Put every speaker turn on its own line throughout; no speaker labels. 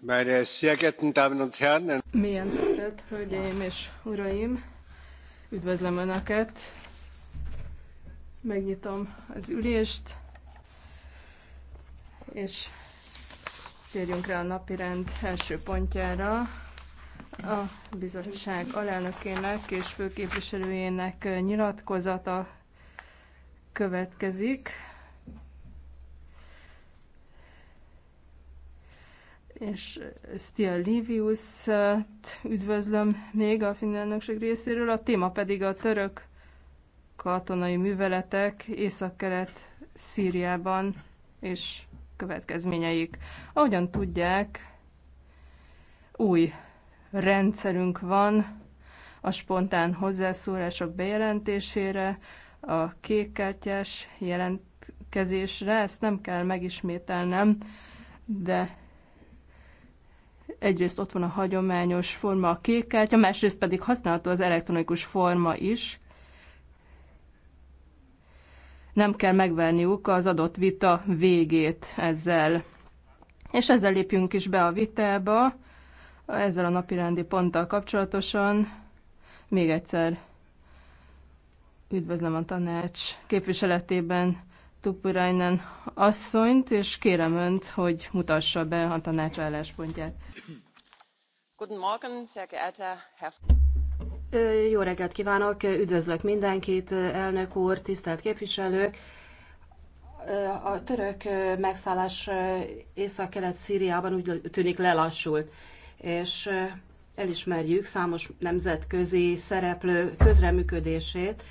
Meine sehr geehrten Damen und Herren! Milyen tisztelt Hölgyeim és Uraim! Üdvözlöm Önöket! Megnyitom az ülést, és térjünk rá a napirend első pontjára. A bizottság alelnökének és főképviselőjének nyilatkozata következik. és eh, Stia livius üdvözlöm még a finn elnökség részéről, a téma pedig a török katonai műveletek északkelet Szíriában és következményeik. Ahogyan tudják, új rendszerünk van a spontán hozzászólások bejelentésére, a kékkártyás jelentkezésre, ezt nem kell megismételnem, de egyrészt ott van a hagyományos forma, a kék kártya, másrészt pedig használható az elektronikus forma is. Nem kell megverniuk az adott vita végét ezzel. És ezzel lépjünk is be a vitába, ezzel a napirendi ponttal kapcsolatosan. Még egyszer üdvözlöm a tanács képviseletében Tupurainen asszonyt, és kérem önt, hogy mutassa be a tanács álláspontját. Guten Morgen, sehr geehrter Herr...
Jó reggelt kívánok, üdvözlök mindenkit, elnök úr, tisztelt képviselők. A török megszállás Észak-Kelet-Szíriában úgy tűnik lelassult, és elismerjük számos nemzetközi szereplő közreműködését,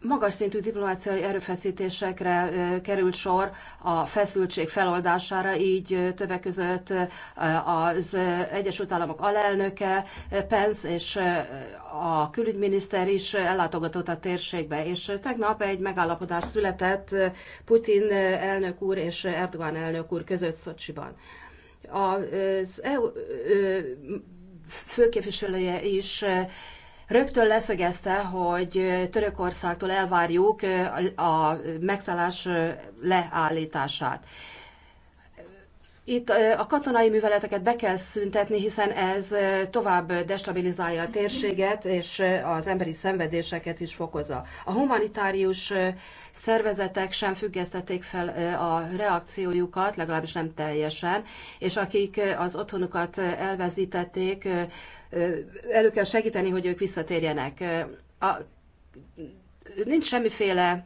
magas szintű diplomáciai erőfeszítésekre került sor a feszültség feloldására, így többek között az Egyesült Államok alelnöke Pence és a külügyminiszter is ellátogatott a térségbe, és tegnap egy megállapodás született Putin elnök úr és Erdogan elnök úr között Szocsiban. Az EU főképviselője is Rögtön leszögezte, hogy Törökországtól elvárjuk a megszállás leállítását. Itt a katonai műveleteket be kell szüntetni, hiszen ez tovább destabilizálja a térséget, és az emberi szenvedéseket is fokozza. A humanitárius szervezetek sem függesztették fel a reakciójukat, legalábbis nem teljesen, és akik az otthonukat elvezítették elő kell segíteni, hogy ők visszatérjenek. A, nincs semmiféle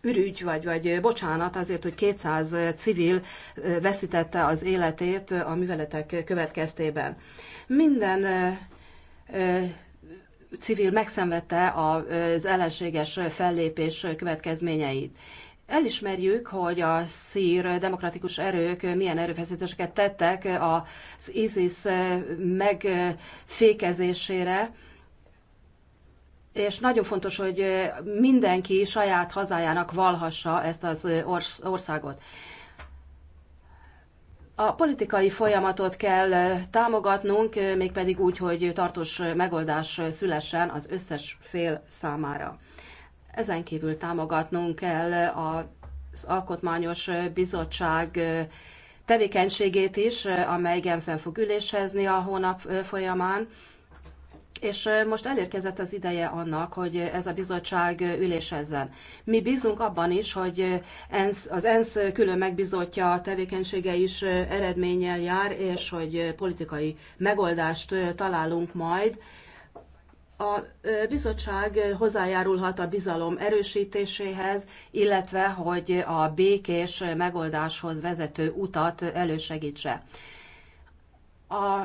ürügy vagy, vagy bocsánat azért, hogy 200 civil veszítette az életét a műveletek következtében. Minden civil megszenvedte az ellenséges fellépés következményeit. Elismerjük, hogy a szír demokratikus erők milyen erőfeszítéseket tettek az ISIS megfékezésére, és nagyon fontos, hogy mindenki saját hazájának valhassa ezt az országot. A politikai folyamatot kell támogatnunk, mégpedig úgy, hogy tartós megoldás szülessen az összes fél számára. Ezen kívül támogatnunk kell az Alkotmányos Bizottság tevékenységét is, amely Genfen fog ülésezni a hónap folyamán. És most elérkezett az ideje annak, hogy ez a bizottság ülésezzen. Mi bízunk abban is, hogy az ENSZ külön megbizotja tevékenysége is eredménnyel jár, és hogy politikai megoldást találunk majd, a bizottság hozzájárulhat a bizalom erősítéséhez, illetve hogy a békés megoldáshoz vezető utat elősegítse. A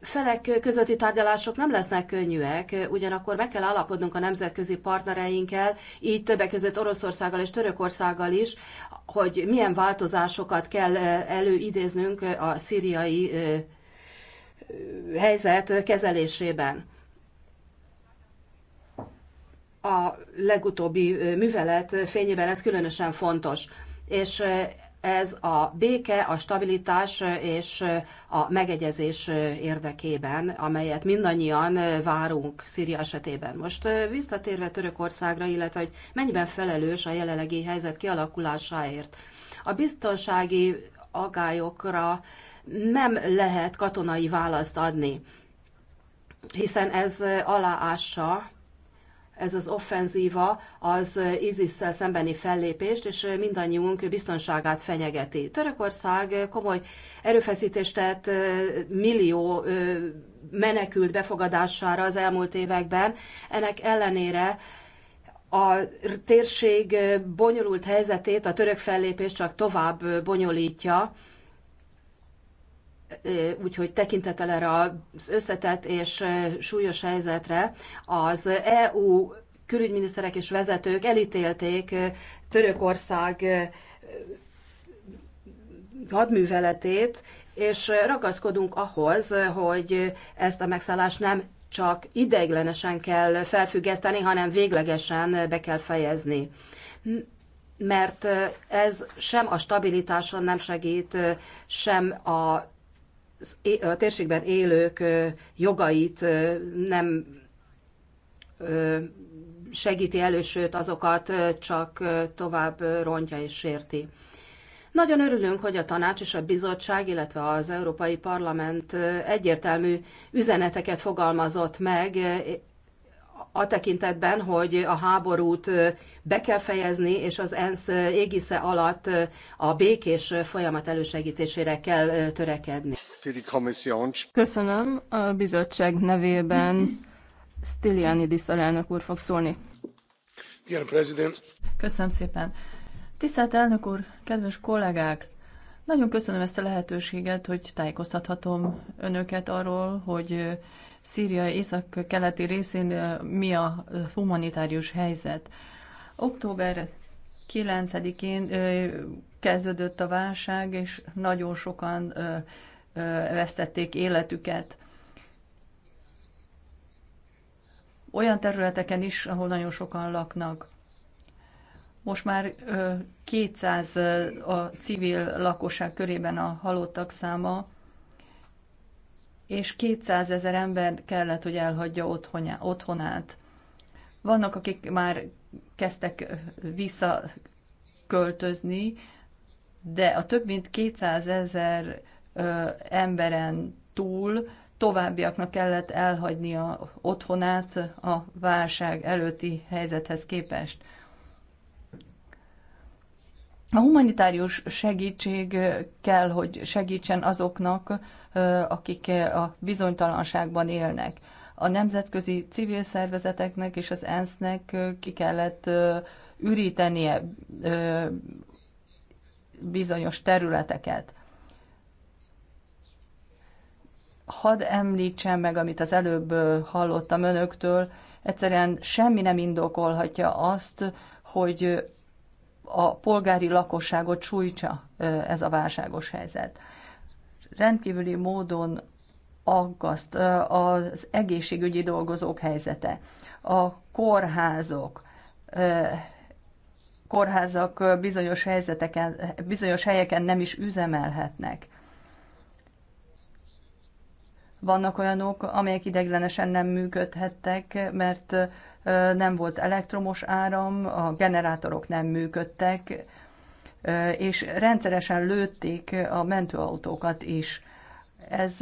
felek közötti tárgyalások nem lesznek könnyűek, ugyanakkor meg kell állapodnunk a nemzetközi partnereinkkel, így többek között Oroszországgal és Törökországgal is, hogy milyen változásokat kell előidéznünk a szíriai helyzet kezelésében. A legutóbbi művelet fényében ez különösen fontos, és ez a béke, a stabilitás és a megegyezés érdekében, amelyet mindannyian várunk Szíria esetében. Most visszatérve Törökországra, illetve hogy mennyiben felelős a jelenlegi helyzet kialakulásáért. A biztonsági agályokra nem lehet katonai választ adni, hiszen ez aláássa ez az offenzíva az isis szembeni fellépést, és mindannyiunk biztonságát fenyegeti. Törökország komoly erőfeszítést tett millió menekült befogadására az elmúlt években. Ennek ellenére a térség bonyolult helyzetét a török fellépés csak tovább bonyolítja, úgyhogy tekintettel erre az összetett és súlyos helyzetre, az EU külügyminiszterek és vezetők elítélték Törökország hadműveletét, és ragaszkodunk ahhoz, hogy ezt a megszállást nem csak ideiglenesen kell felfüggeszteni, hanem véglegesen be kell fejezni. Mert ez sem a stabilitáson nem segít, sem a a térségben élők jogait nem segíti elősőt, azokat csak tovább rontja és sérti. Nagyon örülünk, hogy a tanács és a bizottság, illetve az Európai Parlament egyértelmű üzeneteket fogalmazott meg a tekintetben, hogy a háborút be kell fejezni, és az ENSZ égisze alatt a békés folyamat elősegítésére kell törekedni. Köszönöm a bizottság
nevében. Stylianidis alelnök úr fog szólni. Köszönöm szépen. Tisztelt elnök úr, kedves kollégák! Nagyon köszönöm ezt a lehetőséget, hogy tájékoztathatom önöket arról, hogy Szíria észak-keleti részén mi a humanitárius helyzet. Október 9-én kezdődött a válság, és nagyon sokan vesztették életüket. Olyan területeken is, ahol nagyon sokan laknak. Most már 200 a civil lakosság körében a halottak száma, és 200 ezer ember kellett, hogy elhagyja otthonát. Vannak, akik már kezdtek visszaköltözni, de a több mint 200 ezer emberen túl továbbiaknak kellett elhagynia otthonát a válság előtti helyzethez képest. A humanitárius segítség kell, hogy segítsen azoknak, akik a bizonytalanságban élnek. A nemzetközi civil szervezeteknek és az ENSZ-nek ki kellett ürítenie bizonyos területeket. Hadd említsen meg, amit az előbb hallottam önöktől, egyszerűen semmi nem indokolhatja azt, hogy a polgári lakosságot sújtsa ez a válságos helyzet. Rendkívüli módon aggaszt az egészségügyi dolgozók helyzete. A kórházok, kórházak bizonyos, helyzeteken, bizonyos helyeken nem is üzemelhetnek. Vannak olyanok, amelyek ideiglenesen nem működhettek, mert nem volt elektromos áram, a generátorok nem működtek, és rendszeresen lőtték a mentőautókat is. Ez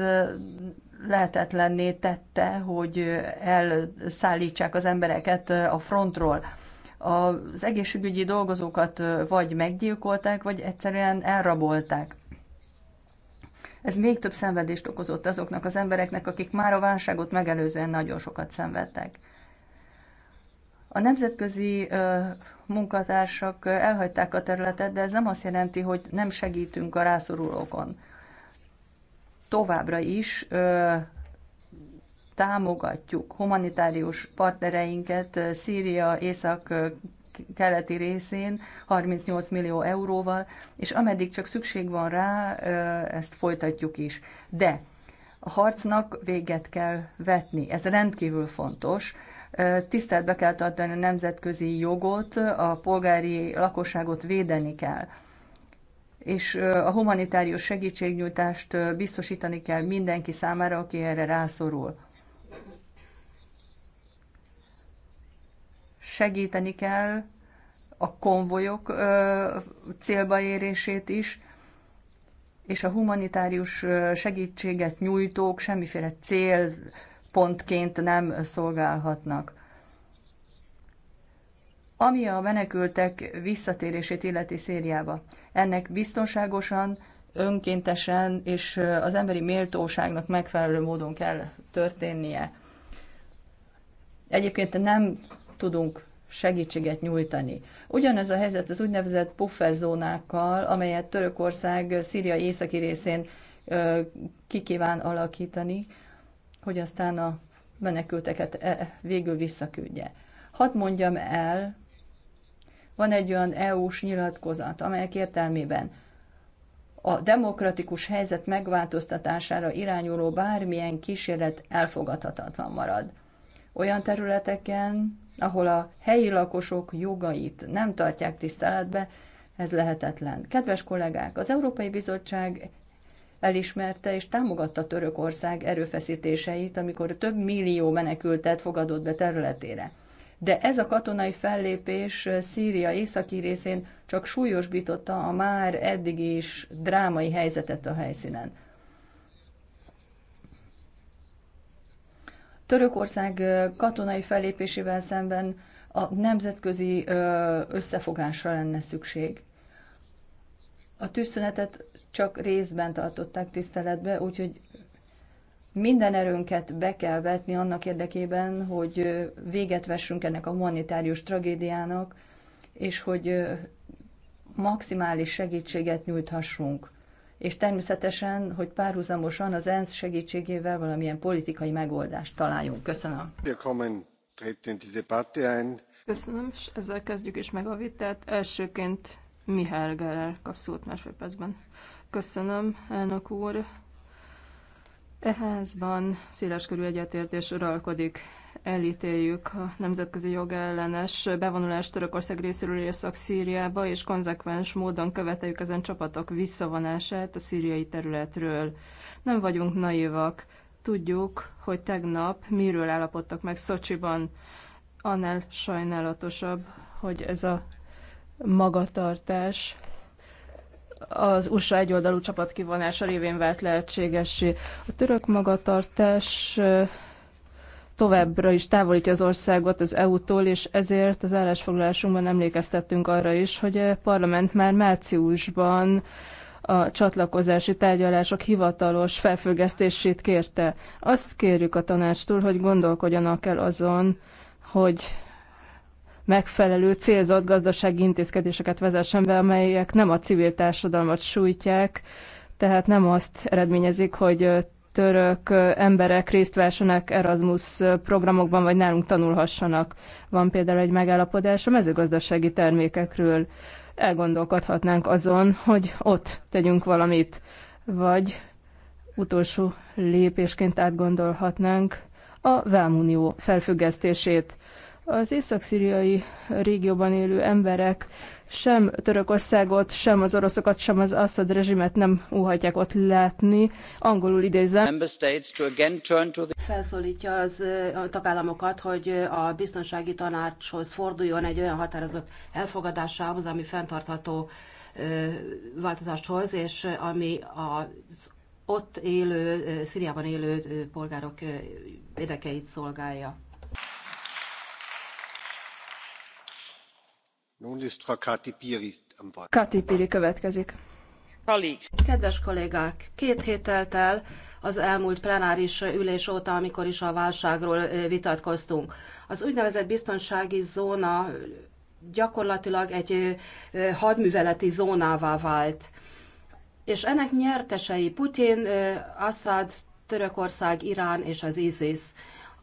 lehetetlenné tette, hogy elszállítsák az embereket a frontról. Az egészségügyi dolgozókat vagy meggyilkolták, vagy egyszerűen elrabolták. Ez még több szenvedést okozott azoknak az embereknek, akik már a válságot megelőzően nagyon sokat szenvedtek. A nemzetközi munkatársak elhagyták a területet, de ez nem azt jelenti, hogy nem segítünk a rászorulókon. Továbbra is támogatjuk humanitárius partnereinket Szíria észak keleti részén 38 millió euróval, és ameddig csak szükség van rá, ezt folytatjuk is. De a harcnak véget kell vetni, ez rendkívül fontos, tiszteletbe kell tartani a nemzetközi jogot, a polgári lakosságot védeni kell és a humanitárius segítségnyújtást biztosítani kell mindenki számára, aki erre rászorul. Segíteni kell a konvojok célba érését is, és a humanitárius segítséget nyújtók semmiféle cél pontként nem szolgálhatnak. Ami a menekültek visszatérését illeti Szériába, ennek biztonságosan, önkéntesen és az emberi méltóságnak megfelelő módon kell történnie. Egyébként nem tudunk segítséget nyújtani. Ugyanez a helyzet az úgynevezett pufferzónákkal, amelyet Törökország Szíria északi részén kikíván alakítani, hogy aztán a menekülteket e, végül visszaküldje. Hadd mondjam el, van egy olyan EU-s nyilatkozat, amelyek értelmében a demokratikus helyzet megváltoztatására irányuló bármilyen kísérlet elfogadhatatlan marad. Olyan területeken, ahol a helyi lakosok jogait nem tartják tiszteletbe, ez lehetetlen. Kedves kollégák, az Európai Bizottság elismerte és támogatta Törökország erőfeszítéseit, amikor több millió menekültet fogadott be területére. De ez a katonai fellépés Szíria északi részén csak súlyosbította a már eddig is drámai helyzetet a helyszínen. Törökország katonai fellépésével szemben a nemzetközi összefogásra lenne szükség a tűzszünetet csak részben tartották tiszteletbe, úgyhogy minden erőnket be kell vetni annak érdekében, hogy véget vessünk ennek a humanitárius tragédiának, és hogy maximális segítséget nyújthassunk. És természetesen, hogy párhuzamosan az ENSZ segítségével valamilyen politikai megoldást találjunk. Köszönöm.
Köszönöm, és ezzel kezdjük is meg a vitát. Elsőként Mihály Geller kap szót másodpercben. Köszönöm, elnök úr. Ehházban széleskörű egyetértés uralkodik. Elítéljük a nemzetközi jogellenes bevonulást Törökország részéről Észak-Szíriába, és konzekvens módon követeljük ezen csapatok visszavonását a szíriai területről. Nem vagyunk naivak. Tudjuk, hogy tegnap miről állapodtak meg Szocsiban. Annál sajnálatosabb, hogy ez a magatartás az USA egyoldalú csapat kivonása révén vált lehetségessé. A török magatartás továbbra is távolítja az országot az EU-tól, és ezért az állásfoglalásunkban emlékeztettünk arra is, hogy a parlament már márciusban a csatlakozási tárgyalások hivatalos felfüggesztését kérte. Azt kérjük a tanácstól, hogy gondolkodjanak el azon, hogy megfelelő célzott gazdasági intézkedéseket vezessen be, amelyek nem a civil társadalmat sújtják, tehát nem azt eredményezik, hogy török emberek részt vessenek Erasmus programokban, vagy nálunk tanulhassanak. Van például egy megállapodás a mezőgazdasági termékekről. Elgondolkodhatnánk azon, hogy ott tegyünk valamit, vagy utolsó lépésként átgondolhatnánk a vámunió felfüggesztését. Az észak-szíriai régióban élő emberek sem Törökországot, sem az oroszokat, sem az Assad rezsimet nem úhatják ott látni. Angolul idézem.
Felszólítja az a tagállamokat, hogy a biztonsági tanácshoz forduljon egy olyan határozott elfogadásához, ami fenntartható változást hoz, és ami az ott élő, Szíriában élő polgárok érdekeit szolgálja. Kati Piri következik. Kedves kollégák, két hét telt el az elmúlt plenáris ülés óta, amikor is a válságról vitatkoztunk. Az úgynevezett biztonsági zóna gyakorlatilag egy hadműveleti zónává vált. És ennek nyertesei Putin, Assad, Törökország, Irán és az ISIS.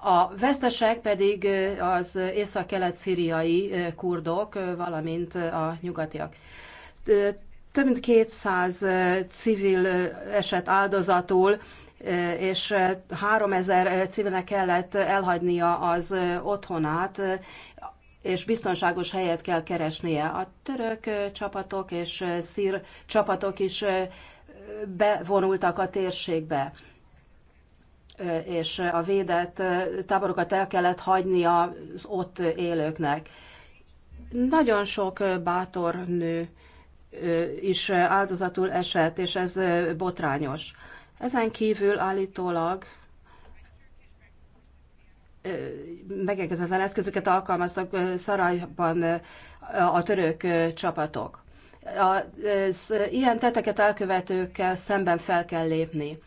A vesztesek pedig az észak-kelet-szíriai kurdok, valamint a nyugatiak. Több mint 200 civil esett áldozatul, és 3000 civilnek kellett elhagynia az otthonát, és biztonságos helyet kell keresnie. A török csapatok és szír csapatok is bevonultak a térségbe és a védett táborokat el kellett hagyni az ott élőknek. Nagyon sok bátor nő is áldozatul esett, és ez botrányos. Ezen kívül állítólag megengedhetetlen eszközöket alkalmaztak Szarajban a török csapatok. Az ilyen teteket elkövetőkkel szemben fel kell lépni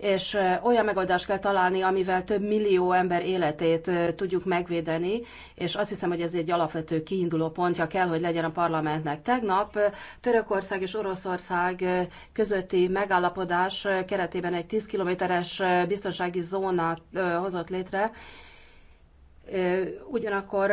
és olyan megoldást kell találni, amivel több millió ember életét tudjuk megvédeni, és azt hiszem, hogy ez egy alapvető kiinduló pontja kell, hogy legyen a parlamentnek. Tegnap Törökország és Oroszország közötti megállapodás keretében egy 10 kilométeres biztonsági zónát hozott létre, ugyanakkor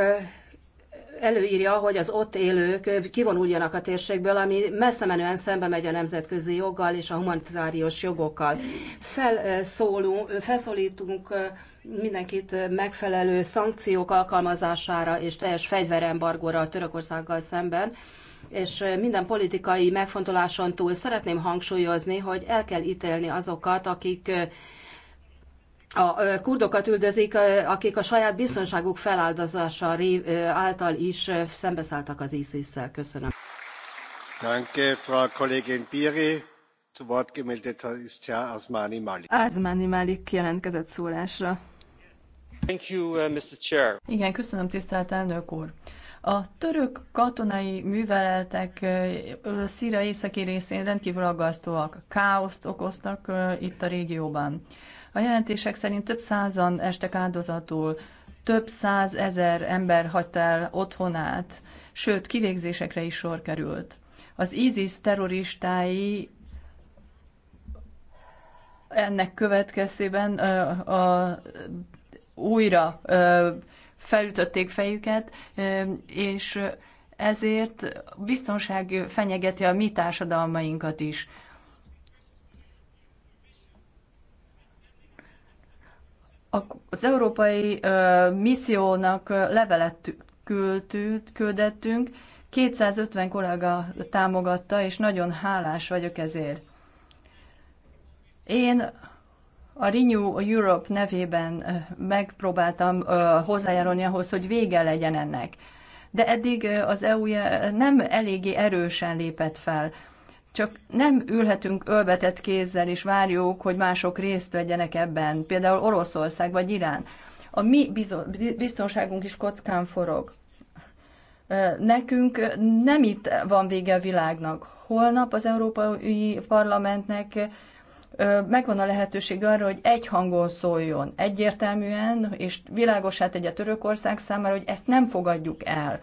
előírja, hogy az ott élők kivonuljanak a térségből, ami messze menően szembe megy a nemzetközi joggal és a humanitárius jogokkal. Felszólunk, felszólítunk mindenkit megfelelő szankciók alkalmazására és teljes fegyverembargóra a Törökországgal szemben, és minden politikai megfontoláson túl szeretném hangsúlyozni, hogy el kell ítélni azokat, akik a kurdokat üldözik, akik a saját biztonságuk feláldozása által is szembeszálltak az ISIS-szel. Köszönöm. Danke, Frau Kollegin Piri. Zu Wort
gemeldet ist Herr Asmani Malik. Asmani Malik jelentkezett szólásra. Thank you, uh, Mr. Chair. Igen, köszönöm, tisztelt elnök úr. A török katonai műveletek Szíra északi részén rendkívül aggasztóak. Káoszt okoztak itt a régióban. A jelentések szerint több százan estek áldozatul, több százezer ember hagyta el otthonát, sőt, kivégzésekre is sor került. Az ISIS terroristái ennek következtében a, a, újra a, felütötték fejüket, és ezért biztonság fenyegeti a mi társadalmainkat is. Az európai missziónak levelet küldtünk, küldettünk, 250 kollega támogatta, és nagyon hálás vagyok ezért. Én a Renew Europe nevében megpróbáltam hozzájárulni ahhoz, hogy vége legyen ennek. De eddig az EU nem eléggé erősen lépett fel csak nem ülhetünk ölvetett kézzel, és várjuk, hogy mások részt vegyenek ebben, például Oroszország vagy Irán. A mi biztonságunk is kockán forog. Nekünk nem itt van vége a világnak. Holnap az Európai Parlamentnek megvan a lehetőség arra, hogy egy hangon szóljon, egyértelműen, és egy tegye Törökország számára, hogy ezt nem fogadjuk el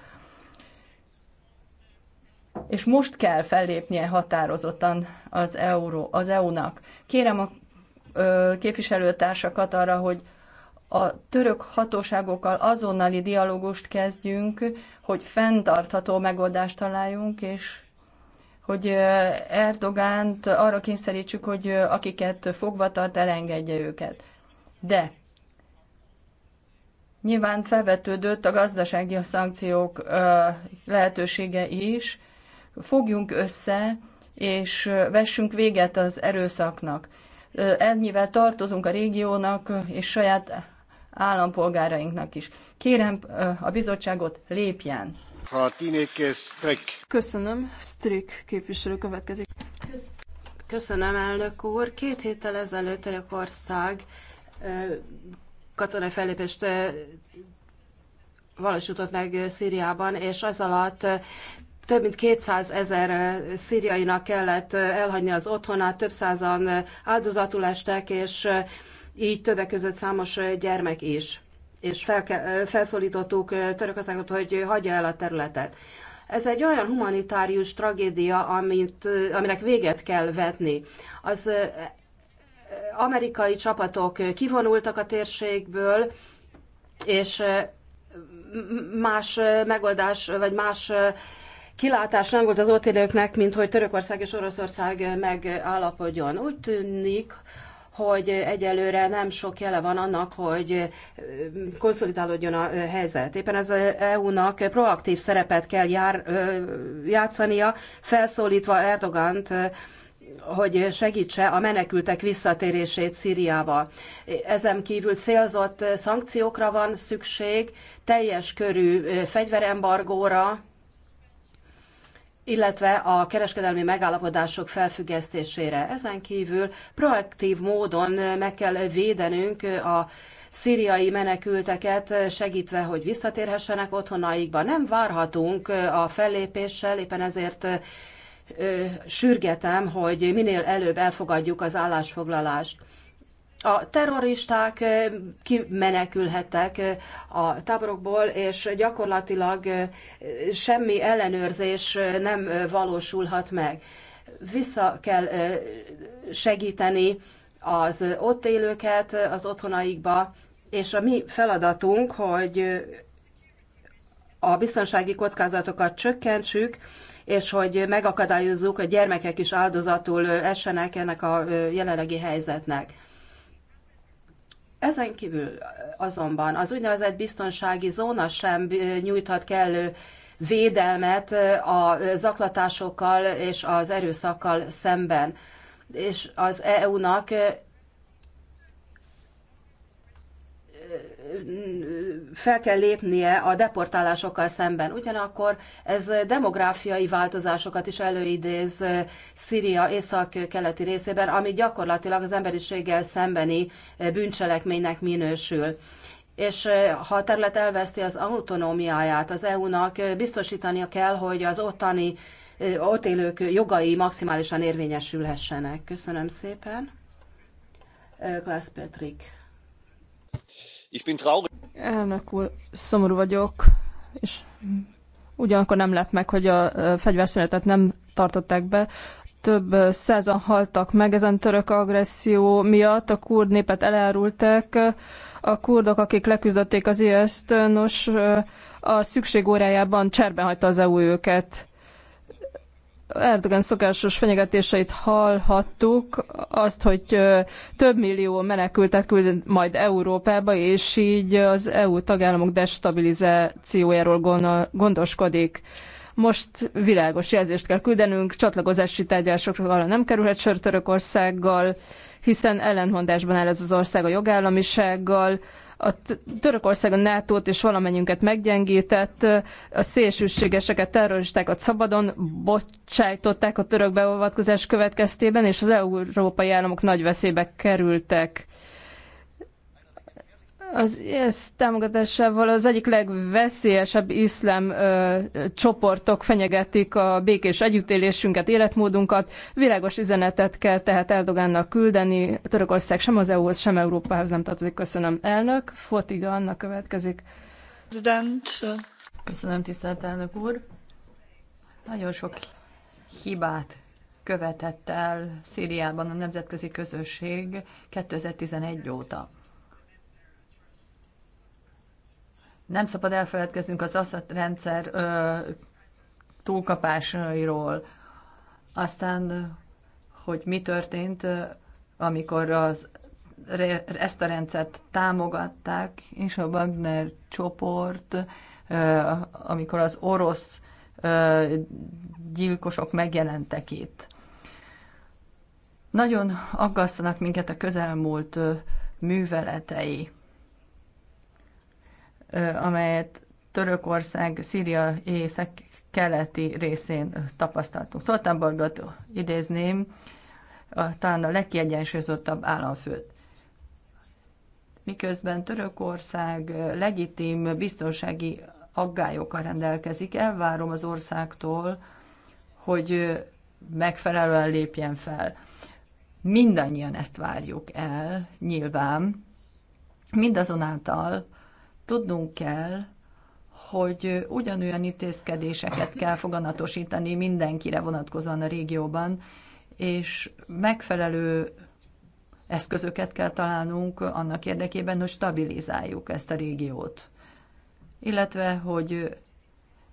és most kell fellépnie határozottan az, euró, az EU-nak. Kérem a képviselőtársakat arra, hogy a török hatóságokkal azonnali dialógust kezdjünk, hogy fenntartható megoldást találjunk, és hogy Erdogánt arra kényszerítsük, hogy akiket fogva tart, elengedje őket. De nyilván felvetődött a gazdasági szankciók lehetősége is, fogjunk össze, és vessünk véget az erőszaknak. Ennyivel tartozunk a régiónak és saját állampolgárainknak is. Kérem a bizottságot, lépjen! Köszönöm, Strik képviselő következik. Köszönöm,
elnök úr. Két héttel ezelőtt Törökország katonai fellépést valósított meg Szíriában, és az alatt több mint 200 ezer szíriainak kellett elhagyni az otthonát, több százan áldozatul estek, és így többek között számos gyermek is. És felke, felszólítottuk Törökországot, hogy hagyja el a területet. Ez egy olyan humanitárius tragédia, amit, aminek véget kell vetni. Az amerikai csapatok kivonultak a térségből, és más megoldás, vagy más kilátás nem volt az ott élőknek, mint hogy Törökország és Oroszország megállapodjon. Úgy tűnik, hogy egyelőre nem sok jele van annak, hogy konszolidálódjon a helyzet. Éppen az EU-nak proaktív szerepet kell jár, játszania, felszólítva Erdogant, hogy segítse a menekültek visszatérését Szíriába. Ezen kívül célzott szankciókra van szükség, teljes körű fegyverembargóra, illetve a kereskedelmi megállapodások felfüggesztésére. Ezen kívül proaktív módon meg kell védenünk a szíriai menekülteket, segítve, hogy visszatérhessenek otthonaikba. Nem várhatunk a fellépéssel, éppen ezért sürgetem, hogy minél előbb elfogadjuk az állásfoglalást a terroristák kimenekülhettek a táborokból, és gyakorlatilag semmi ellenőrzés nem valósulhat meg. Vissza kell segíteni az ott élőket az otthonaikba, és a mi feladatunk, hogy a biztonsági kockázatokat csökkentsük, és hogy megakadályozzuk, hogy gyermekek is áldozatul essenek ennek a jelenlegi helyzetnek. Ezen kívül azonban az úgynevezett biztonsági zóna sem nyújthat kellő védelmet a zaklatásokkal és az erőszakkal szemben. És az EU-nak fel kell lépnie a deportálásokkal szemben. Ugyanakkor ez demográfiai változásokat is előidéz Szíria észak-keleti részében, ami gyakorlatilag az emberiséggel szembeni bűncselekménynek minősül. És eh, ha a terület elveszti az autonómiáját, az EU-nak eh, biztosítania kell, hogy az ottani eh, ott élők jogai maximálisan érvényesülhessenek. Köszönöm szépen. Glass Patrick.
Ich bin traurig.
Elnök úr, szomorú vagyok, és ugyanakkor nem lep meg, hogy a fegyverszünetet nem tartották be. Több százan haltak meg ezen török agresszió miatt, a kurd népet elárulták, a kurdok, akik leküzdötték az IS-t, nos, a szükség órájában cserben hagyta az EU őket Erdogan szokásos fenyegetéseit hallhattuk, azt, hogy több millió menekültet küld majd Európába, és így az EU tagállamok destabilizációjáról gondoskodik. Most világos jelzést kell küldenünk, csatlakozási tárgyalásokra nem kerülhet sör Törökországgal, hiszen ellentmondásban áll ez az ország a jogállamisággal, a Törökországon NATO-t és valamennyünket meggyengített, a szélsőségeseket, terroristákat szabadon bocsájtották a török beavatkozás következtében, és az európai államok nagy veszélybe kerültek. Az ISZ támogatásával az egyik legveszélyesebb iszlám ö, csoportok fenyegetik a békés együttélésünket, életmódunkat. Világos üzenetet kell tehát Erdogánnak küldeni. Törökország sem az EU-hoz, sem Európához nem tartozik. Köszönöm, elnök. Fotiga,
annak következik. Köszönöm, tisztelt elnök úr. Nagyon sok hibát követett el Szíriában a nemzetközi közösség 2011 óta Nem szabad elfeledkeznünk az Assad rendszer ö, túlkapásairól. Aztán, hogy mi történt, amikor az, ezt a rendszert támogatták, és a Wagner csoport, amikor az orosz gyilkosok megjelentek itt. Nagyon aggasztanak minket a közelmúlt műveletei amelyet Törökország Szíria észak-keleti részén tapasztaltunk. Stoltenbergot idézném, a, talán a legkiegyensúlyozottabb államfőt. Miközben Törökország legitim biztonsági aggályokkal rendelkezik, elvárom az országtól, hogy megfelelően lépjen fel. Mindannyian ezt várjuk el, nyilván, mindazonáltal Tudnunk kell, hogy ugyanolyan intézkedéseket kell foganatosítani mindenkire vonatkozóan a régióban, és megfelelő eszközöket kell találnunk annak érdekében, hogy stabilizáljuk ezt a régiót, illetve hogy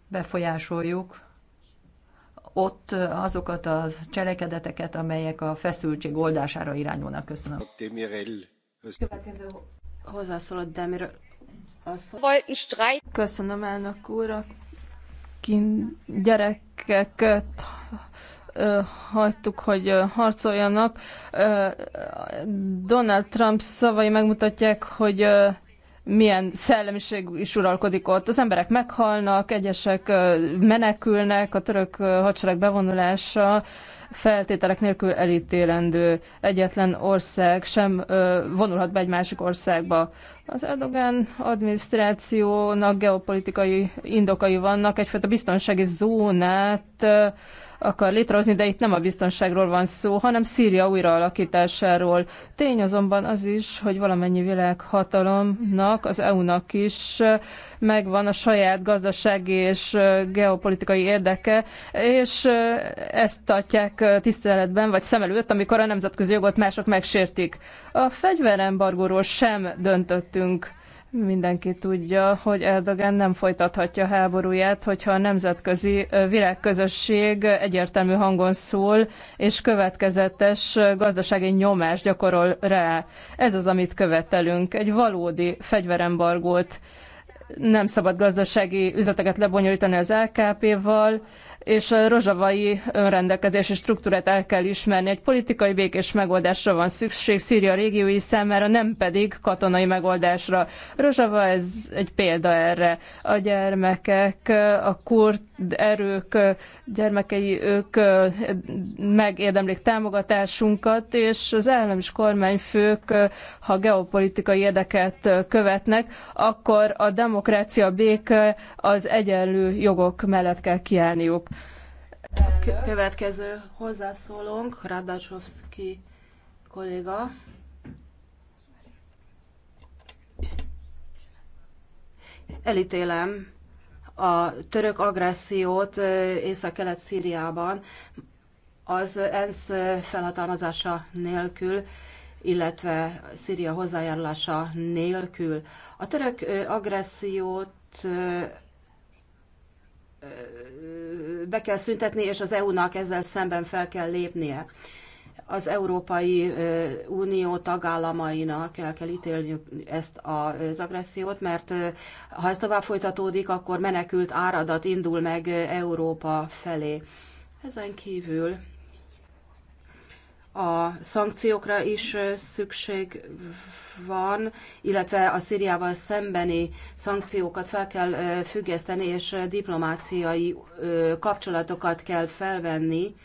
befolyásoljuk ott azokat a cselekedeteket, amelyek a feszültség oldására irányulnak. Köszönöm.
Következő hozzászólott Demirel Köszönöm, elnök úr. A
gyerekeket hagytuk, hogy harcoljanak. Donald Trump szavai megmutatják, hogy milyen szellemiség is uralkodik ott. Az emberek meghalnak, egyesek menekülnek, a török hadsereg bevonulása feltételek nélkül elítélendő. Egyetlen ország sem vonulhat be egy másik országba. Az Erdogan adminisztrációnak geopolitikai indokai vannak, egyfajta biztonsági zónát akar létrehozni, de itt nem a biztonságról van szó, hanem Szíria újraalakításáról. Tény azonban az is, hogy valamennyi világhatalomnak, az EU-nak is megvan a saját gazdasági és geopolitikai érdeke, és ezt tartják tiszteletben vagy szem előtt, amikor a nemzetközi jogot mások megsértik. A fegyverembargóról sem döntöttünk Mindenki tudja, hogy Erdogan nem folytathatja háborúját, hogyha a nemzetközi világközösség egyértelmű hangon szól, és következetes gazdasági nyomás gyakorol rá. Ez az, amit követelünk. Egy valódi fegyverembargót. Nem szabad gazdasági üzleteket lebonyolítani az akp val és a rozsavai önrendelkezési struktúrát el kell ismerni. Egy politikai békés megoldásra van szükség Szíria régiói számára, nem pedig katonai megoldásra. Rozsava ez egy példa erre. A gyermekek, a kurd erők gyermekei, ők megérdemlik támogatásunkat, és az állam és kormányfők, ha geopolitikai érdeket követnek, akkor a demokrácia béke az egyenlő jogok mellett kell kiállniuk.
Következő hozzászólónk, Radacsovszki kolléga. Elítélem a török agressziót Észak-Kelet-Szíriában az ENSZ felhatalmazása nélkül, illetve Szíria hozzájárulása nélkül. A török agressziót be kell szüntetni, és az EU-nak ezzel szemben fel kell lépnie. Az Európai Unió tagállamainak el kell ítélniük ezt az agressziót, mert ha ez tovább folytatódik, akkor menekült áradat indul meg Európa felé. Ezen kívül a szankciókra is szükség van, illetve a Szíriával szembeni szankciókat fel kell függeszteni, és diplomáciai kapcsolatokat kell felvenni,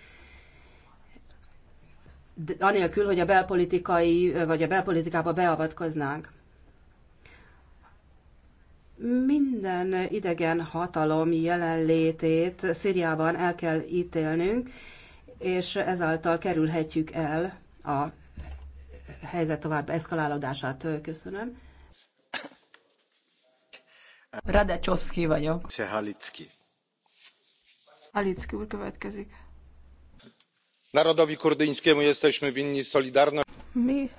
anélkül, hogy a belpolitikai, vagy a belpolitikába beavatkoznánk. Minden idegen hatalom jelenlétét Szíriában el kell ítélnünk, és ezáltal kerülhetjük el a helyzet tovább eszkalálódását. Köszönöm.
Radecsovszki vagyok. Halicki. Halicki úr következik.
Narodowi kurdyjskiemu jesteśmy winni solidarność.
Mi?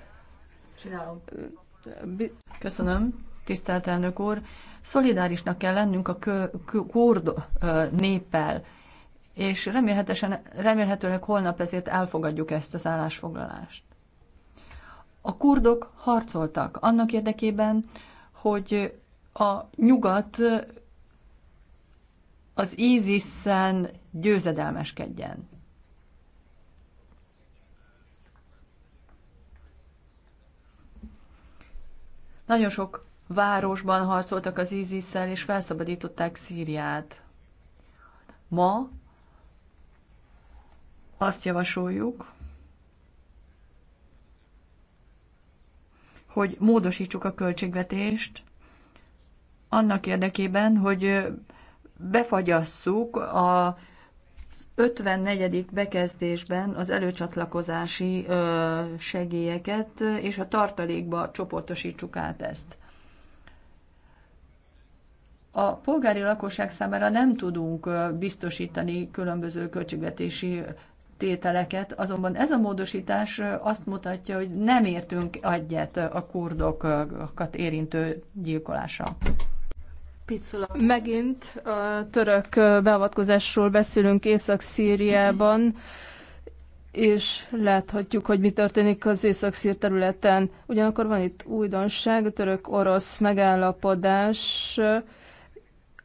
Köszönöm, tisztelt elnök úr. Szolidárisnak kell lennünk a kurd néppel és remélhetesen, remélhetőleg holnap ezért elfogadjuk ezt az állásfoglalást. A kurdok harcoltak annak érdekében, hogy a nyugat az isis győzedelmeskedjen. Nagyon sok városban harcoltak az ISIS-szel, és felszabadították Szíriát. Ma azt javasoljuk, hogy módosítsuk a költségvetést annak érdekében, hogy befagyasszuk a 54. bekezdésben az előcsatlakozási segélyeket, és a tartalékba csoportosítsuk át ezt. A polgári lakosság számára nem tudunk biztosítani különböző költségvetési tételeket, azonban ez a módosítás azt mutatja, hogy nem értünk egyet a kurdokat érintő gyilkolással. Megint a török beavatkozásról
beszélünk Észak-Szíriában, és láthatjuk, hogy mi történik az Észak-Szír területen. Ugyanakkor van itt újdonság, a török-orosz megállapodás,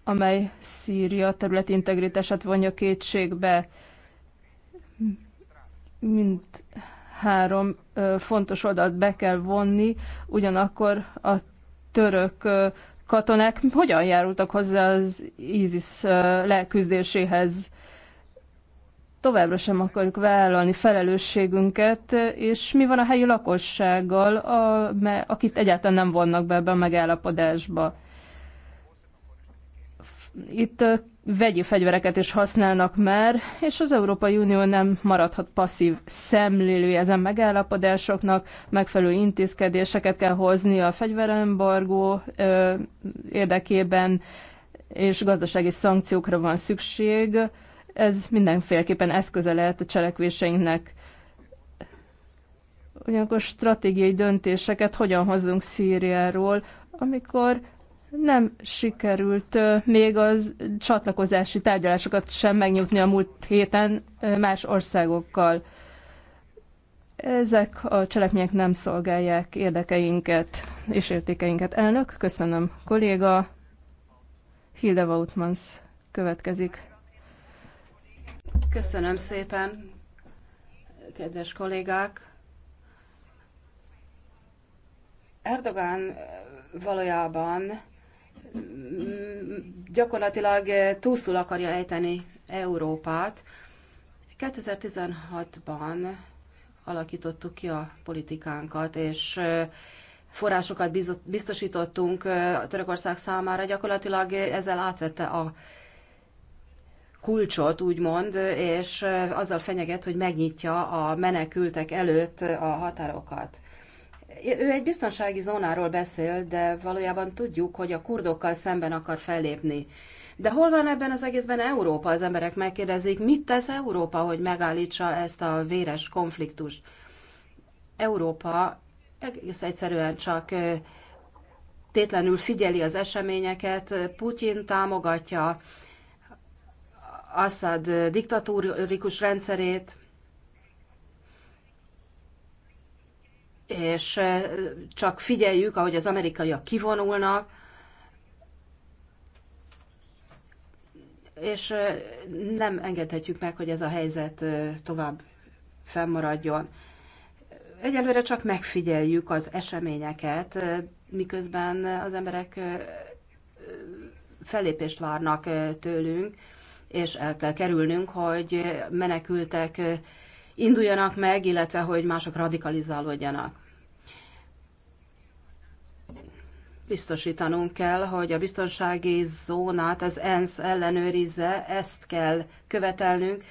amely Szíria területi integritását vonja kétségbe mind három fontos oldalt be kell vonni, ugyanakkor a török katonák hogyan járultak hozzá az ISIS leküzdéséhez? Továbbra sem akarjuk vállalni felelősségünket, és mi van a helyi lakossággal, a, akit egyáltalán nem vonnak be ebbe a megállapodásba? Itt vegyi fegyvereket is használnak már, és az Európai Unió nem maradhat passzív szemlélője ezen megállapodásoknak, megfelelő intézkedéseket kell hozni a fegyverembargó érdekében, és gazdasági szankciókra van szükség. Ez mindenféleképpen eszköze lehet a cselekvéseinknek. Ugyanakkor stratégiai döntéseket hogyan hozzunk Szíriáról, amikor nem sikerült még az csatlakozási tárgyalásokat sem megnyugtni a múlt héten más országokkal. Ezek a cselekmények nem szolgálják érdekeinket és értékeinket. Elnök, köszönöm. Kolléga Hilde Woutmans következik.
Köszönöm szépen, kedves kollégák. Erdogan valójában gyakorlatilag eh, túlszul akarja ejteni Európát. 2016-ban alakítottuk ki a politikánkat, és eh, forrásokat biztosítottunk eh, Törökország számára. Gyakorlatilag ezzel átvette a kulcsot, úgymond, és azzal fenyeget, hogy megnyitja a menekültek előtt a határokat ő egy biztonsági zónáról beszél, de valójában tudjuk, hogy a kurdokkal szemben akar fellépni. De hol van ebben az egészben Európa? Az emberek megkérdezik, mit tesz Európa, hogy megállítsa ezt a véres konfliktust? Európa egész egyszerűen csak tétlenül figyeli az eseményeket, Putyin támogatja Assad diktatórikus rendszerét, és csak figyeljük, ahogy az amerikaiak kivonulnak, és nem engedhetjük meg, hogy ez a helyzet tovább fennmaradjon. Egyelőre csak megfigyeljük az eseményeket, miközben az emberek fellépést várnak tőlünk, és el kell kerülnünk, hogy menekültek induljanak meg, illetve hogy mások radikalizálódjanak. Biztosítanunk kell, hogy a biztonsági zónát az ENSZ ellenőrizze, ezt kell követelnünk.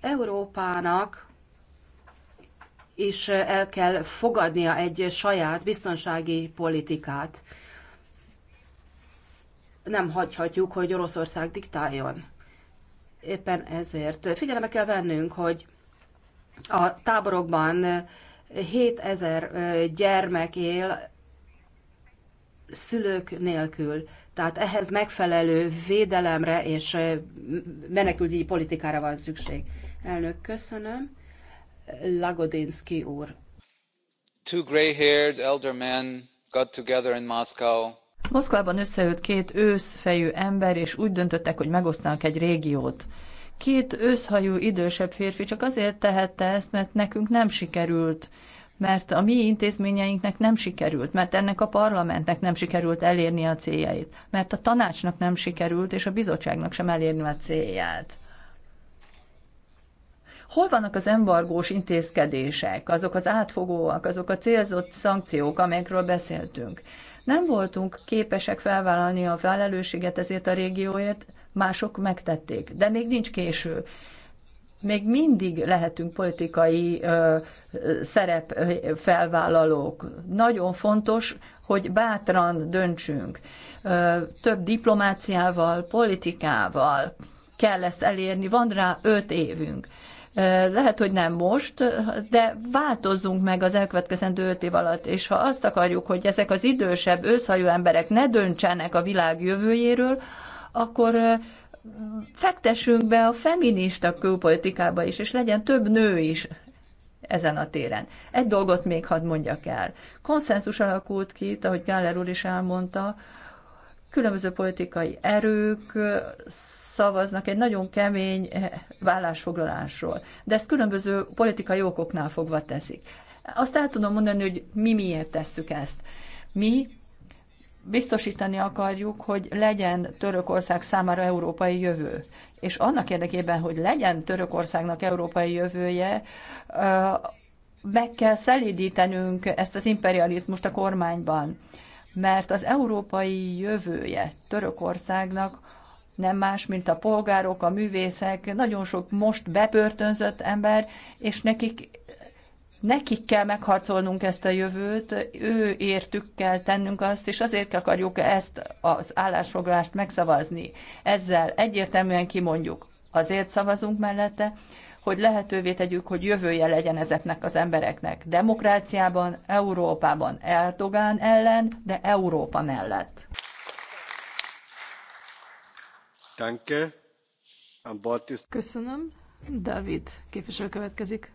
Európának is el kell fogadnia egy saját biztonsági politikát. Nem hagyhatjuk, hogy Oroszország diktáljon. Éppen ezért figyelembe kell vennünk, hogy a táborokban 7000 gyermek él, szülők nélkül. Tehát ehhez megfelelő védelemre és menekültügyi politikára van szükség. Elnök, köszönöm. Lagodinsky úr.
Two gray-haired elder men got together in Moscow. Moszkvában összeült két őszfejű ember, és úgy döntöttek, hogy megosztanak egy régiót. Két őszhajú idősebb férfi csak azért tehette ezt, mert nekünk nem sikerült mert a mi intézményeinknek nem sikerült, mert ennek a parlamentnek nem sikerült elérni a céljait, mert a tanácsnak nem sikerült, és a bizottságnak sem elérni a célját. Hol vannak az embargós intézkedések, azok az átfogóak, azok a célzott szankciók, amelyekről beszéltünk? Nem voltunk képesek felvállalni a felelősséget ezért a régióért, mások megtették, de még nincs késő még mindig lehetünk politikai ö, felvállalók. Nagyon fontos, hogy bátran döntsünk. Ö, több diplomáciával, politikával kell ezt elérni. Van rá öt évünk. Ö, lehet, hogy nem most, de változzunk meg az elkövetkezendő öt év alatt, és ha azt akarjuk, hogy ezek az idősebb, őszhajú emberek ne döntsenek a világ jövőjéről, akkor fektessünk be a feminista külpolitikába is, és legyen több nő is ezen a téren. Egy dolgot még hadd mondjak el. Konszenzus alakult ki, ahogy Gáller úr is elmondta, különböző politikai erők szavaznak egy nagyon kemény vállásfoglalásról, de ezt különböző politikai okoknál fogva teszik. Azt el tudom mondani, hogy mi miért tesszük ezt. Mi biztosítani akarjuk, hogy legyen Törökország számára európai jövő. És annak érdekében, hogy legyen Törökországnak európai jövője, meg kell szelídítenünk ezt az imperializmust a kormányban. Mert az európai jövője Törökországnak nem más, mint a polgárok, a művészek, nagyon sok most bebörtönzött ember, és nekik nekik kell megharcolnunk ezt a jövőt, ő értük kell tennünk azt, és azért akarjuk ezt az állásfoglalást megszavazni. Ezzel egyértelműen kimondjuk, azért szavazunk mellette, hogy lehetővé tegyük, hogy jövője legyen ezeknek az embereknek. Demokráciában, Európában, Erdogán ellen, de Európa mellett. Köszönöm.
David képviselő következik.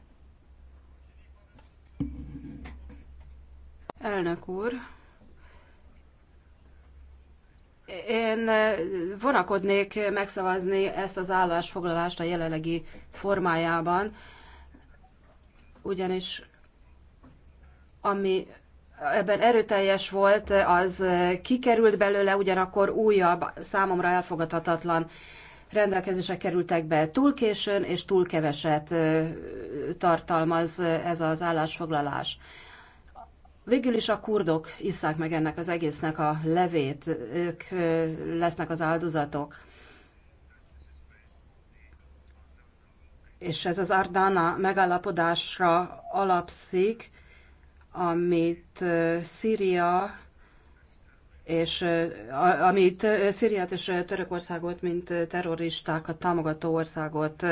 Elnök úr, én eh, vonakodnék megszavazni ezt az állásfoglalást a jelenlegi formájában, ugyanis ami ebben erőteljes volt, az kikerült belőle, ugyanakkor újabb, számomra elfogadhatatlan rendelkezésre kerültek be túl későn, és túl keveset tartalmaz ez az állásfoglalás. Végül is a kurdok isszák meg ennek az egésznek a levét, ők lesznek az áldozatok. És ez az Ardana megállapodásra alapszik, amit Szíria és amit Szíriát és Törökországot, mint terroristákat támogató országot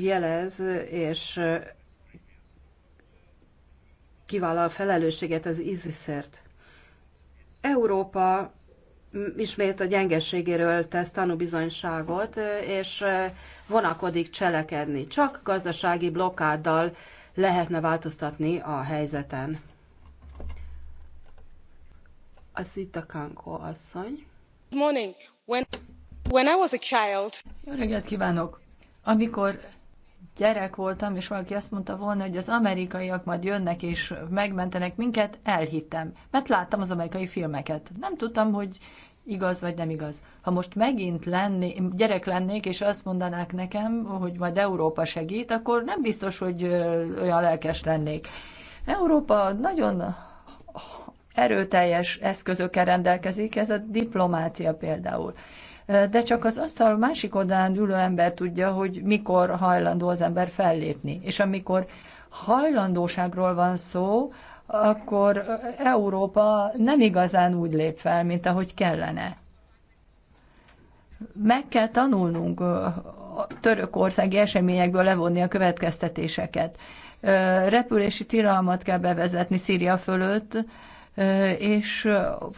jelez, és kivállal a felelősséget az ISIS-ért. Európa ismét a gyengeségéről tesz tanúbizonyságot, és vonakodik cselekedni. Csak gazdasági blokkáddal lehetne változtatni a helyzeten
az itt asszony. morning. When, when I was a child... Jó reggelt kívánok! Amikor gyerek voltam, és valaki azt mondta volna, hogy az amerikaiak majd jönnek és megmentenek minket, elhittem, mert láttam az amerikai filmeket. Nem tudtam, hogy igaz vagy nem igaz. Ha most megint lenni, gyerek lennék, és azt mondanák nekem, hogy majd Európa segít, akkor nem biztos, hogy olyan lelkes lennék. Európa nagyon erőteljes eszközökkel rendelkezik, ez a diplomácia például. De csak az asztal másik oldalán ülő ember tudja, hogy mikor hajlandó az ember fellépni. És amikor hajlandóságról van szó, akkor Európa nem igazán úgy lép fel, mint ahogy kellene. Meg kell tanulnunk a törökországi eseményekből levonni a következtetéseket. Repülési tilalmat kell bevezetni Szíria fölött, és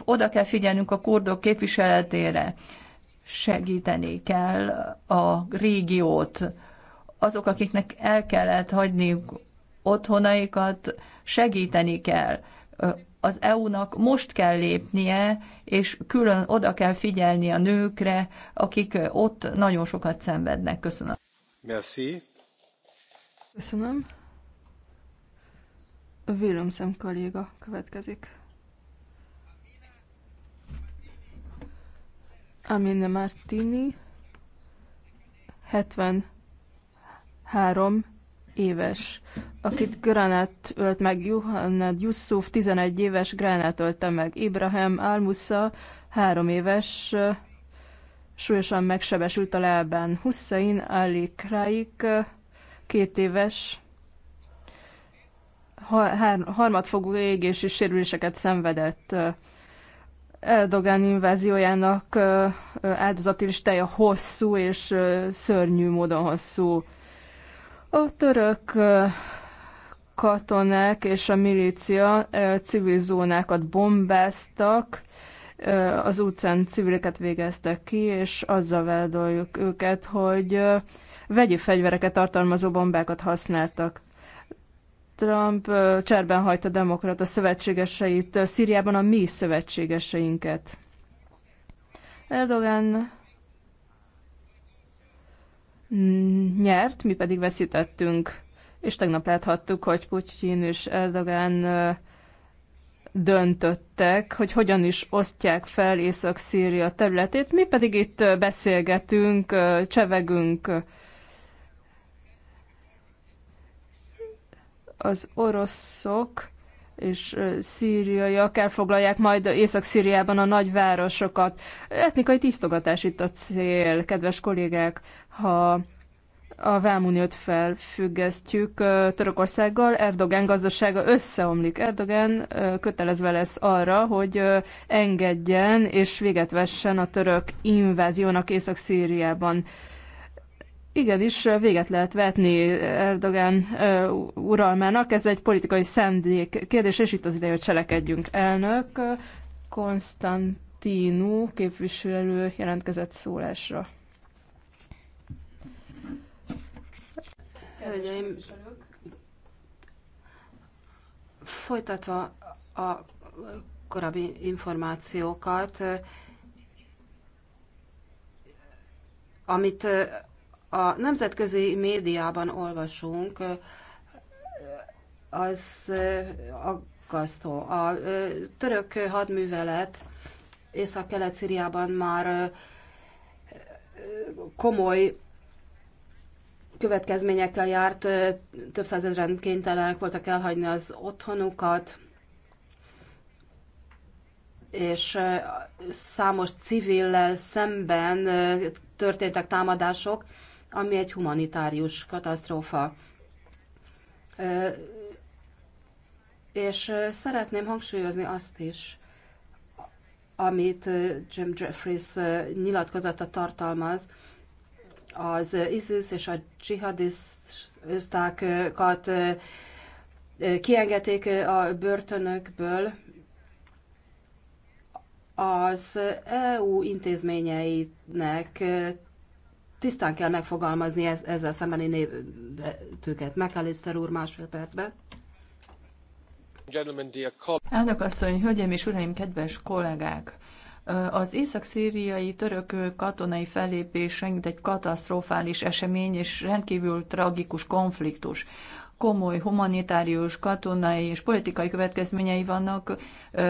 oda kell figyelnünk a kurdok képviseletére. Segíteni kell a régiót, azok, akiknek el kellett hagyni otthonaikat, segíteni kell. Az EU-nak most kell lépnie, és külön oda kell figyelni a nőkre, akik ott nagyon sokat szenvednek. Köszönöm.
Merci.
Köszönöm. Willemsen kolléga következik.
Amine Martini 73 éves, akit granát ölt meg Johannad Yusuf, 11 éves, Granát ölte meg Ibrahim Almusza, 3 éves, súlyosan megsebesült a lábán. Hussein Ali Kraik, 2 éves, har harmadfogú égési sérüléseket szenvedett. Erdogan inváziójának áldozati listája hosszú és szörnyű módon hosszú. A török katonák és a milícia civil zónákat bombáztak, az utcán civileket végeztek ki, és azzal vádoljuk őket, hogy vegyi fegyvereket tartalmazó bombákat használtak. Trump cserben hagyta demokrata szövetségeseit, Szíriában a mi szövetségeseinket. Erdogan nyert, mi pedig veszítettünk. És tegnap láthattuk, hogy Putyin és Erdogan döntöttek, hogy hogyan is osztják fel Észak-Szíria területét, mi pedig itt beszélgetünk, csevegünk, az oroszok és szíriaiak elfoglalják majd Észak-Szíriában a nagyvárosokat. Etnikai tisztogatás itt a cél, kedves kollégák, ha a vámuniót felfüggesztjük Törökországgal, Erdogan gazdasága összeomlik. Erdogan kötelezve lesz arra, hogy engedjen és véget vessen a török inváziónak Észak-Szíriában igenis véget lehet vetni Erdogan uralmának. Ez egy politikai szendék kérdés, és itt az ideje, hogy cselekedjünk. Elnök Konstantinu képviselő jelentkezett szólásra.
Hölgyeim, folytatva a korábbi információkat, amit a nemzetközi médiában olvasunk, az aggasztó. A török hadművelet Észak-Kelet-Szíriában már komoly következményekkel járt, több százezren kénytelenek voltak elhagyni az otthonukat, és számos civillel szemben történtek támadások, ami egy humanitárius katasztrófa. És szeretném hangsúlyozni azt is, amit Jim Jeffries nyilatkozata tartalmaz, az ISIS és a dzsihadistákat kiengedték a börtönökből, az EU intézményeinek tisztán kell megfogalmazni ez, ezzel szembeni névtőket. McAllister úr másfél percben.
Elnök asszony, hölgyeim és uraim, kedves kollégák! Az észak-szíriai török katonai fellépés egy katasztrofális esemény és rendkívül tragikus konfliktus. Komoly humanitárius, katonai és politikai következményei vannak,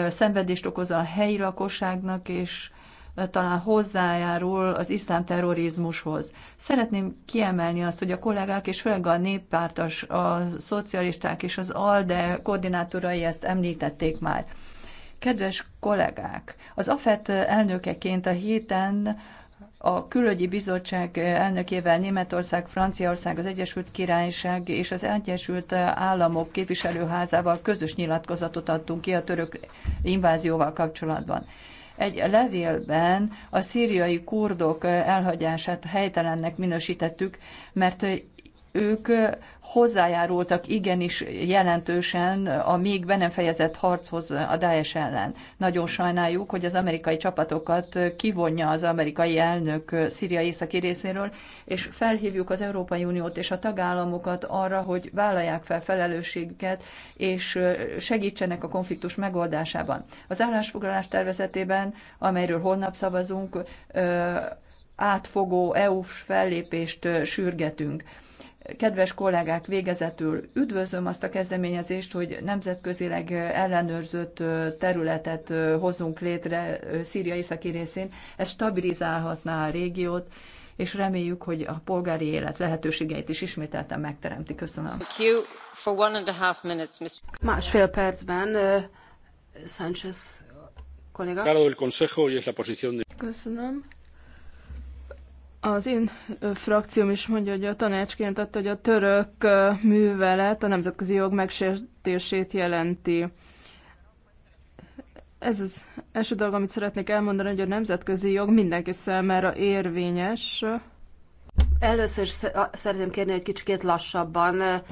szenvedést okoz a helyi lakosságnak, és talán hozzájárul az iszlám terrorizmushoz. Szeretném kiemelni azt, hogy a kollégák és főleg a néppártas, a szocialisták és az ALDE koordinátorai ezt említették már. Kedves kollégák, az AFET elnökeként a héten a külögyi bizottság elnökével Németország, Franciaország, az Egyesült Királyság és az Egyesült Államok képviselőházával közös nyilatkozatot adtunk ki a török invázióval kapcsolatban. Egy levélben a szíriai kurdok elhagyását helytelennek minősítettük, mert ők hozzájárultak igenis jelentősen a még be nem fejezett harchoz a Daesh ellen. Nagyon sajnáljuk, hogy az amerikai csapatokat kivonja az amerikai elnök Szíria északi részéről, és felhívjuk az Európai Uniót és a tagállamokat arra, hogy vállalják fel felelősségüket, és segítsenek a konfliktus megoldásában. Az állásfoglalás tervezetében, amelyről holnap szavazunk, átfogó EU-s fellépést sürgetünk. Kedves kollégák, végezetül üdvözlöm azt a kezdeményezést, hogy nemzetközileg ellenőrzött területet hozunk létre Szíria északi részén. Ez stabilizálhatná a régiót, és reméljük, hogy a polgári élet lehetőségeit is ismételten megteremti. Köszönöm. Másfél percben
Sánchez kolléga. Köszönöm. Az én
frakcióm is mondja, hogy a tanácsként adta, hogy a török művelet a nemzetközi jog megsértését jelenti. Ez az első dolog, amit szeretnék elmondani, hogy a nemzetközi jog mindenki számára érvényes.
Először is szeretném kérni, hogy kicsit lassabban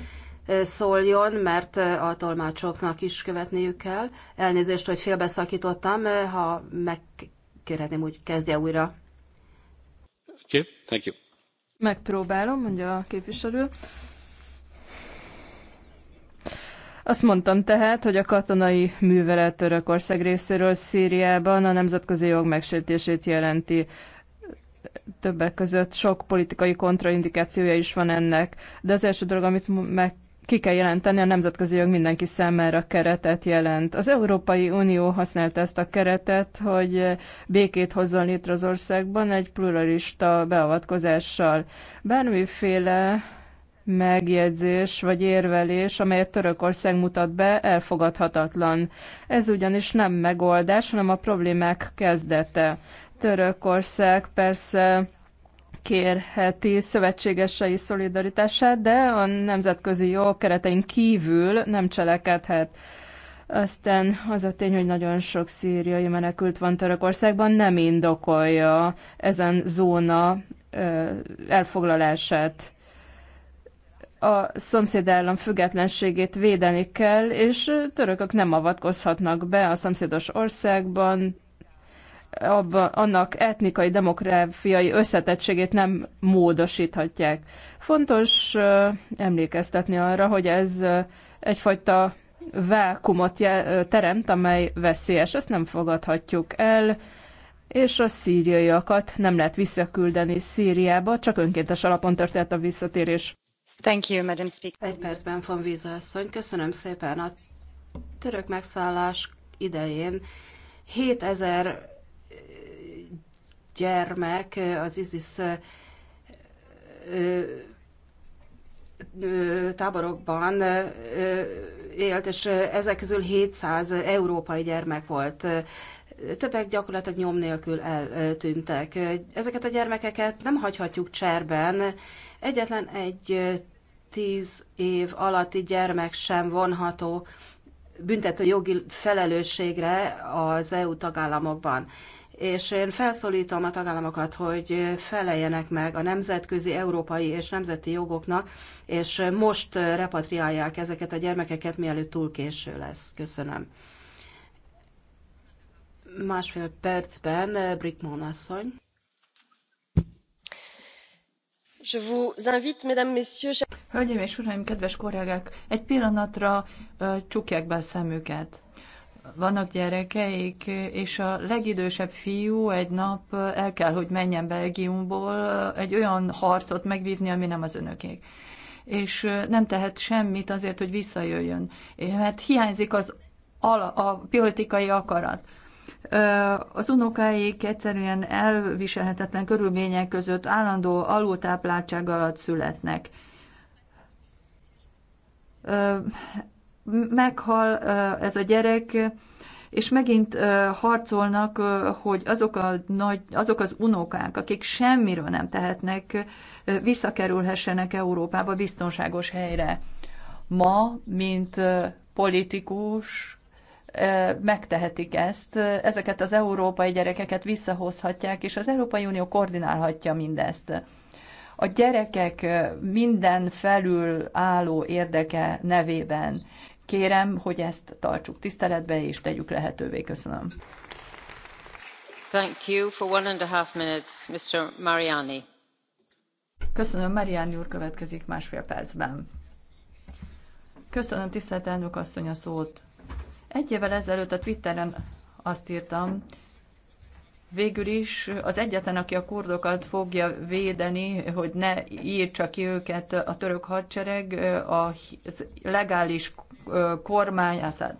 szóljon, mert a tolmácsoknak is követniük kell. Elnézést, hogy félbeszakítottam, ha megkérhetném, úgy kezdje újra. Thank you. Megpróbálom, mondja a képviselő.
Azt mondtam tehát, hogy a katonai művelet Törökország részéről Szíriában a nemzetközi jog megsértését jelenti. Többek között sok politikai kontraindikációja is van ennek. De az első dolog, amit meg ki kell jelenteni, a nemzetközi jog mindenki számára keretet jelent. Az Európai Unió használta ezt a keretet, hogy békét hozzon létre az országban egy pluralista beavatkozással. Bármiféle megjegyzés vagy érvelés, amelyet Törökország mutat be, elfogadhatatlan. Ez ugyanis nem megoldás, hanem a problémák kezdete. Törökország persze kérheti szövetségesei szolidaritását, de a nemzetközi jog keretein kívül nem cselekedhet. Aztán az a tény, hogy nagyon sok szíriai menekült van Törökországban, nem indokolja ezen zóna elfoglalását a szomszédállam függetlenségét védeni kell, és törökök nem avatkozhatnak be a szomszédos országban, abba, annak etnikai, demográfiai összetettségét nem módosíthatják. Fontos ö, emlékeztetni arra, hogy ez ö, egyfajta vákumot jel, teremt, amely veszélyes. Ezt nem fogadhatjuk el, és a szíriaiakat nem lehet visszaküldeni Szíriába, csak önkéntes alapon történt a visszatérés.
Thank you, Madam Speaker. Egy percben van vízasszony. Köszönöm szépen a török megszállás idején 7000 gyermek az ISIS táborokban élt, és ezek közül 700 európai gyermek volt. Többek gyakorlatilag nyom nélkül eltűntek. Ezeket a gyermekeket nem hagyhatjuk cserben. Egyetlen egy tíz év alatti gyermek sem vonható büntető jogi felelősségre az EU tagállamokban és én felszólítom a tagállamokat, hogy feleljenek meg a nemzetközi, európai és nemzeti jogoknak, és most repatriálják ezeket a gyermekeket, mielőtt túl késő lesz. Köszönöm.
Másfél percben eh, Brickman asszony. Je vous invite, mesdames, messieurs. Hölgyeim és uraim, kedves kollégák, egy pillanatra uh, csukják be a szemüket vannak gyerekeik, és a legidősebb fiú egy nap el kell, hogy menjen Belgiumból egy olyan harcot megvívni, ami nem az önökék. És nem tehet semmit azért, hogy visszajöjjön, mert hiányzik az ala, a politikai akarat. Az unokáik egyszerűen elviselhetetlen körülmények között állandó alultápláltság alatt születnek meghal ez a gyerek, és megint harcolnak, hogy azok, a nagy, azok az unokák, akik semmiről nem tehetnek, visszakerülhessenek Európába biztonságos helyre. Ma, mint politikus, megtehetik ezt, ezeket az európai gyerekeket visszahozhatják, és az Európai Unió koordinálhatja mindezt. A gyerekek minden felül álló érdeke nevében Kérem, hogy ezt tartsuk tiszteletbe, és tegyük lehetővé. Köszönöm.
Thank you for one and a half minutes, Mr. Mariani.
Köszönöm, Mariani úr következik másfél percben. Köszönöm, tisztelt elnök asszony a szót. Egy évvel ezelőtt a Twitteren azt írtam, végül is az egyetlen, aki a kurdokat fogja védeni, hogy ne írtsa ki őket a török hadsereg, a legális kormány, Assad.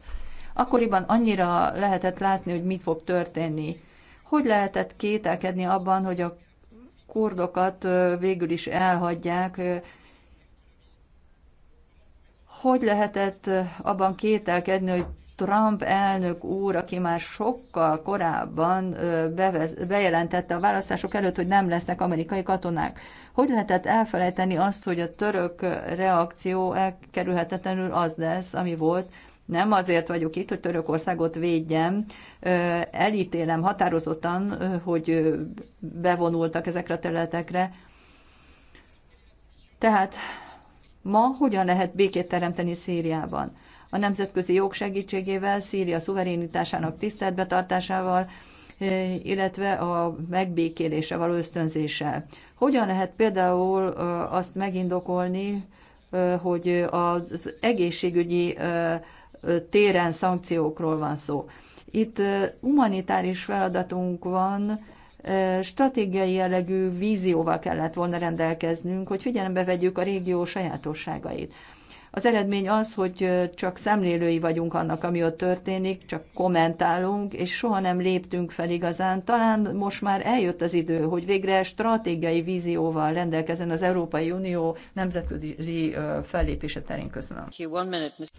Akkoriban annyira lehetett látni, hogy mit fog történni. Hogy lehetett kételkedni abban, hogy a kurdokat végül is elhagyják, hogy lehetett abban kételkedni, hogy Trump elnök úr, aki már sokkal korábban bevez, bejelentette a választások előtt, hogy nem lesznek amerikai katonák. Hogy lehetett elfelejteni azt, hogy a török reakció elkerülhetetlenül az lesz, ami volt, nem azért vagyok itt, hogy Törökországot védjem, elítélem határozottan, hogy bevonultak ezekre a területekre. Tehát ma hogyan lehet békét teremteni Szíriában? a nemzetközi jog segítségével, Szíria szuverenitásának betartásával, eh, illetve a megbékélése való ösztönzéssel. Hogyan lehet például eh, azt megindokolni, eh, hogy az egészségügyi téren szankciókról van szó? Itt humanitáris feladatunk van, stratégiai jellegű vízióval kellett volna rendelkeznünk, hogy figyelembe vegyük a régió sajátosságait. Az eredmény az, hogy csak szemlélői vagyunk annak, ami ott történik, csak kommentálunk, és soha nem léptünk fel igazán. Talán most már eljött az idő, hogy végre stratégiai vízióval rendelkezzen az Európai Unió nemzetközi fellépése terén. Köszönöm.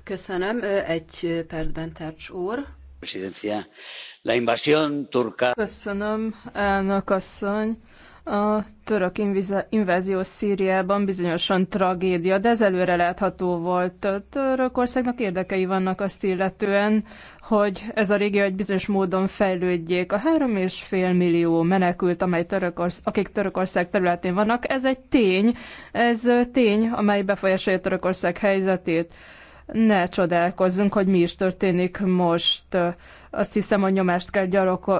Köszönöm. Egy percben Tercs úr.
Köszönöm, elnök asszony. A török invázió Szíriában bizonyosan tragédia, de ez előre látható volt. A Törökországnak érdekei vannak azt illetően, hogy ez a régió egy bizonyos módon fejlődjék. A három és fél millió menekült, amely Törökorsz- akik Törökország területén vannak, ez egy tény, ez tény, amely befolyásolja Törökország helyzetét ne csodálkozzunk, hogy mi is történik most. Azt hiszem, hogy nyomást kell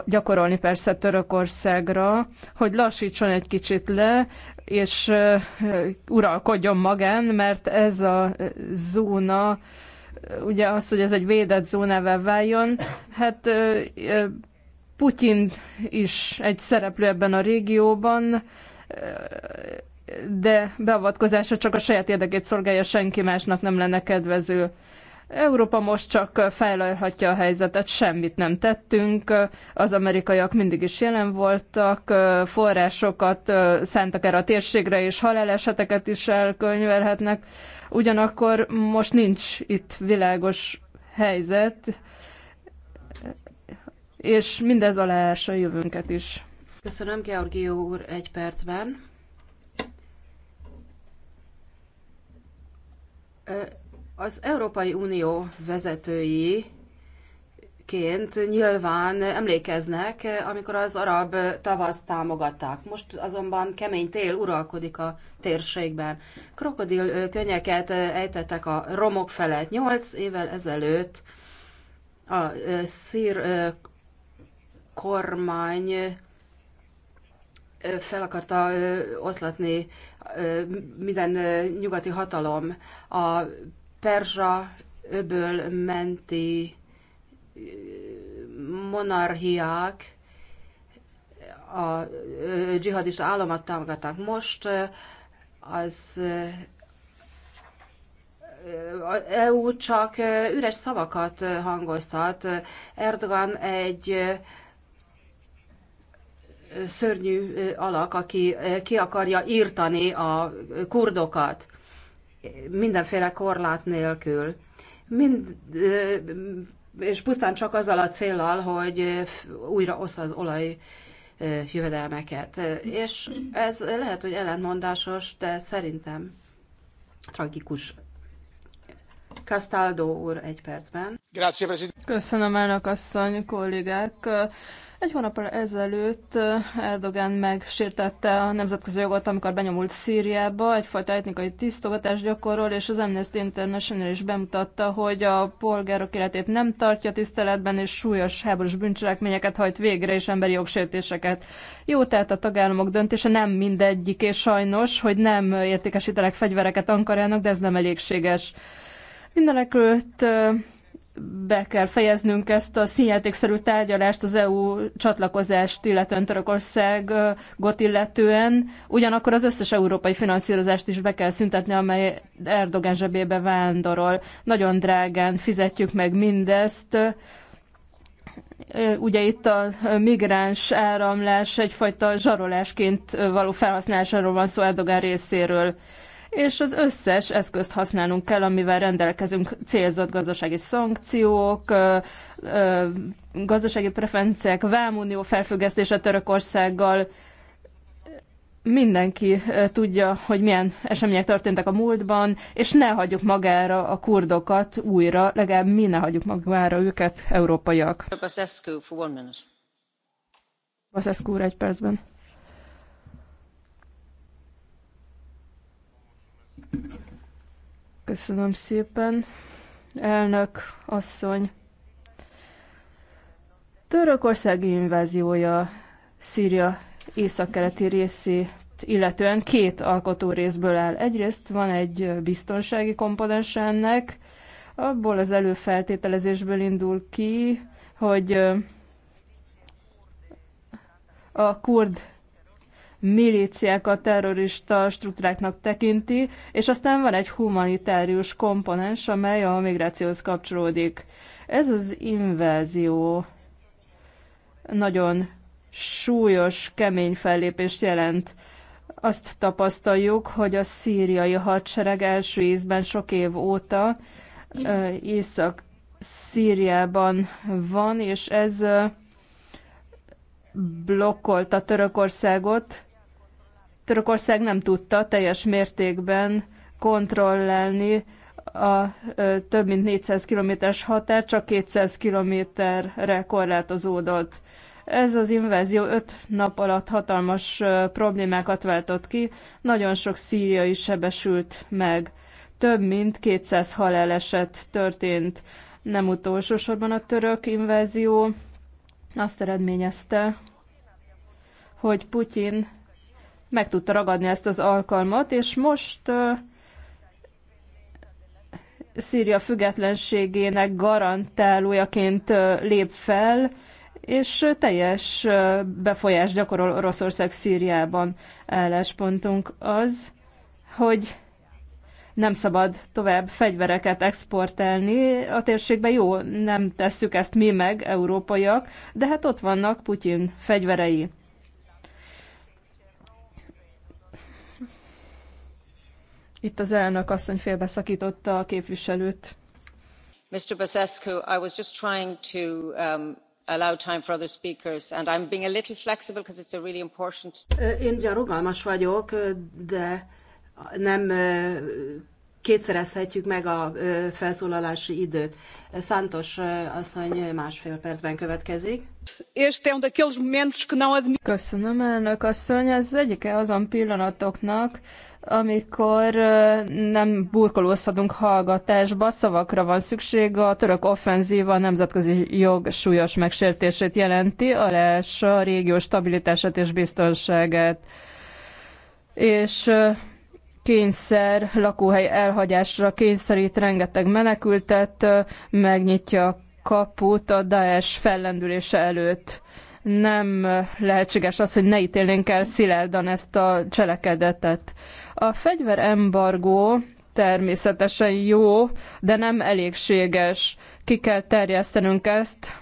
gyakorolni persze Törökországra, hogy lassítson egy kicsit le, és uralkodjon magán, mert ez a zóna, ugye az, hogy ez egy védett zónává váljon, hát Putyin is egy szereplő ebben a régióban, de beavatkozása csak a saját érdekét szolgálja, senki másnak nem lenne kedvező. Európa most csak fejlődhatja a helyzetet, semmit nem tettünk, az amerikaiak mindig is jelen voltak, forrásokat szántak erre a térségre, és haláleseteket is elkönyvelhetnek. Ugyanakkor most nincs itt világos helyzet, és mindez alá a jövőnket is.
Köszönöm, Georgió úr, egy percben. Az Európai Unió vezetői ként nyilván emlékeznek, amikor az arab tavaszt támogatták. Most azonban kemény tél uralkodik a térségben. Krokodil könnyeket ejtettek a romok felett. Nyolc évvel ezelőtt a szír kormány fel akarta oszlatni minden nyugati hatalom a perzsa öböl menti monarchiák a dzsihadista államot támogatták. Most az EU csak üres szavakat hangoztat. Erdogan egy szörnyű alak, aki ki akarja írtani a kurdokat mindenféle korlát nélkül. Mind, és pusztán csak azzal a célral, hogy újra osz az olaj jövedelmeket. És ez lehet, hogy ellentmondásos, de szerintem tragikus. Castaldo úr egy percben. Köszönöm, elnök asszony, kollégák.
Egy hónap ezelőtt eh, Erdogan megsértette a nemzetközi jogot, amikor benyomult Szíriába, egyfajta etnikai tisztogatás gyakorol, és az Amnesty International is bemutatta, hogy a polgárok életét nem tartja tiszteletben, és súlyos háborús bűncselekményeket hajt végre, és emberi jogsértéseket. Jó, tehát a tagállamok döntése nem mindegyik, és sajnos, hogy nem értékesítenek fegyvereket Ankarának, de ez nem elégséges. Mindenekről be kell fejeznünk ezt a színjátékszerű tárgyalást az EU csatlakozást, illetően Törökországot illetően. Ugyanakkor az összes európai finanszírozást is be kell szüntetni, amely Erdogan zsebébe vándorol. Nagyon drágán fizetjük meg mindezt. Ugye itt a migráns áramlás egyfajta zsarolásként való felhasználásáról van szó Erdogan részéről és az összes eszközt használnunk kell, amivel rendelkezünk, célzott gazdasági szankciók, gazdasági preferenciák, vámunió felfüggesztése Törökországgal, mindenki tudja, hogy milyen események történtek a múltban, és ne hagyjuk magára a kurdokat újra, legalább mi ne hagyjuk magára őket, európaiak.
Basescu, for one minute.
Basescu egy percben. Köszönöm szépen. Elnök asszony. Törökország inváziója Szíria északkeleti részét illetően két alkotó részből áll. Egyrészt van egy biztonsági komponens ennek, abból az előfeltételezésből indul ki, hogy a kurd a terrorista struktúráknak tekinti, és aztán van egy humanitárius komponens, amely a migrációhoz kapcsolódik. Ez az invázió nagyon súlyos, kemény fellépést jelent. Azt tapasztaljuk, hogy a szíriai hadsereg első ízben sok év óta Észak-Szíriában van, és ez blokkolta Törökországot, Törökország nem tudta teljes mértékben kontrollálni a több mint 400 kilométeres határ csak 200 kilométerre korlátozódott. Ez az invázió öt nap alatt hatalmas problémákat váltott ki, nagyon sok szíriai sebesült meg. Több mint 200 haláleset történt. Nem utolsó sorban a török invázió azt eredményezte, hogy Putyin meg tudta ragadni ezt az alkalmat, és most uh, Szíria függetlenségének garantálójaként uh, lép fel, és teljes uh, befolyás gyakorol Oroszország Szíriában. Álláspontunk az, hogy nem szabad tovább fegyvereket exportálni a térségbe. Jó, nem tesszük ezt mi meg, európaiak, de hát ott vannak Putyin fegyverei. Itt az elnök asszony félbeszakította a képviselőt.
Mr. Basescu, I was just trying to um, allow time for other speakers, and I'm being a little flexible because it's a really important. Én ugye rugalmas vagyok, de nem kétszerezhetjük meg a felszólalási időt. Santos asszony másfél percben következik.
Um Köszönöm, elnök asszony. Ez egyike azon pillanatoknak, amikor nem burkolózhatunk hallgatásba, szavakra van szükség. A török offenzíva a nemzetközi jog súlyos megsértését jelenti, alása a régió stabilitását és biztonságát. És kényszer, lakóhely elhagyásra kényszerít rengeteg menekültet, megnyitja a kaput a Daesh fellendülése előtt nem lehetséges az, hogy ne ítélnénk el szilárdan ezt a cselekedetet. A fegyverembargó természetesen jó, de nem elégséges. Ki kell terjesztenünk ezt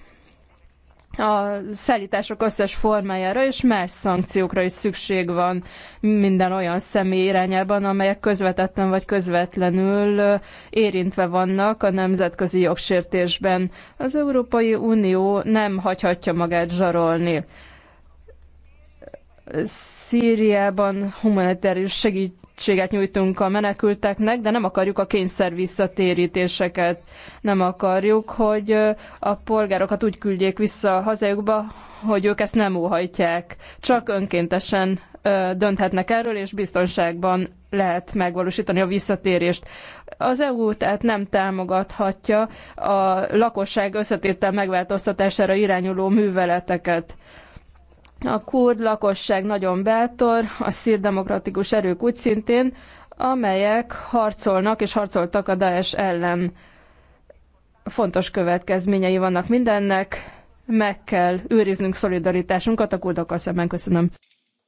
a szállítások összes formájára, és más szankciókra is szükség van minden olyan személy irányában, amelyek közvetetten vagy közvetlenül érintve vannak a nemzetközi jogsértésben. Az Európai Unió nem hagyhatja magát zsarolni. Szíriában humanitárius segít segítséget nyújtunk a menekülteknek, de nem akarjuk a kényszer visszatérítéseket. Nem akarjuk, hogy a polgárokat úgy küldjék vissza a hazájukba, hogy ők ezt nem óhajtják. Csak önkéntesen dönthetnek erről, és biztonságban lehet megvalósítani a visszatérést. Az EU tehát nem támogathatja a lakosság összetétel megváltoztatására irányuló műveleteket. A kurd lakosság nagyon bátor, a szírdemokratikus erők úgy szintén, amelyek harcolnak és harcoltak a Daesh ellen. Fontos következményei vannak mindennek, meg kell őriznünk szolidaritásunkat a kurdokkal szemben. Köszönöm.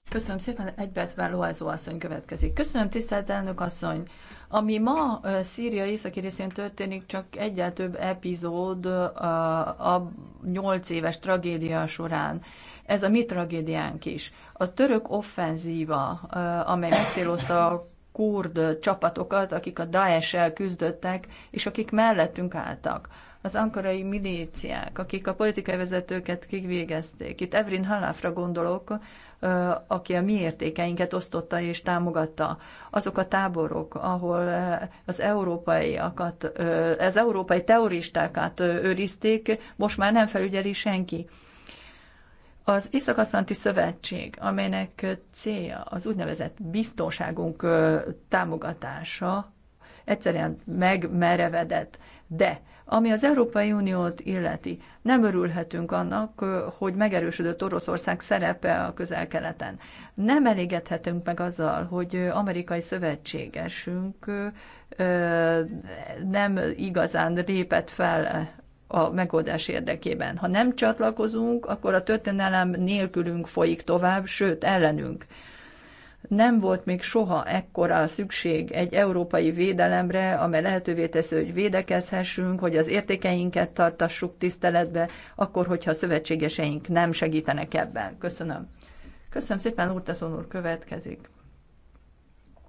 Köszönöm szépen, egy percben Loázó asszony következik. Köszönöm, tisztelt elnök asszony! Ami ma Szíria északi részén történik, csak egyáltalán több epizód a nyolc éves tragédia során. Ez a mi tragédiánk is. A török offenzíva, amely megcélozta a kurd csapatokat, akik a Daesh-el küzdöttek, és akik mellettünk álltak. Az ankarai milíciák, akik a politikai vezetőket kivégezték. Itt Evrin Halafra gondolok, aki a mi értékeinket osztotta és támogatta. Azok a táborok, ahol az európaiakat, az európai teoristákat őrizték, most már nem felügyeli senki. Az Észak-Atlanti Szövetség, amelynek célja az úgynevezett biztonságunk támogatása, egyszerűen megmerevedett. De ami az Európai Uniót illeti, nem örülhetünk annak, hogy megerősödött Oroszország szerepe a közel-keleten. Nem elégedhetünk meg azzal, hogy amerikai szövetségesünk nem igazán lépett fel a megoldás érdekében. Ha nem csatlakozunk, akkor a történelem nélkülünk folyik tovább, sőt ellenünk. Nem volt még soha ekkora szükség egy európai védelemre, amely lehetővé teszi, hogy védekezhessünk, hogy az értékeinket tartassuk tiszteletbe, akkor, hogyha a szövetségeseink nem segítenek ebben. Köszönöm. Köszönöm szépen, Urtaszon úr következik.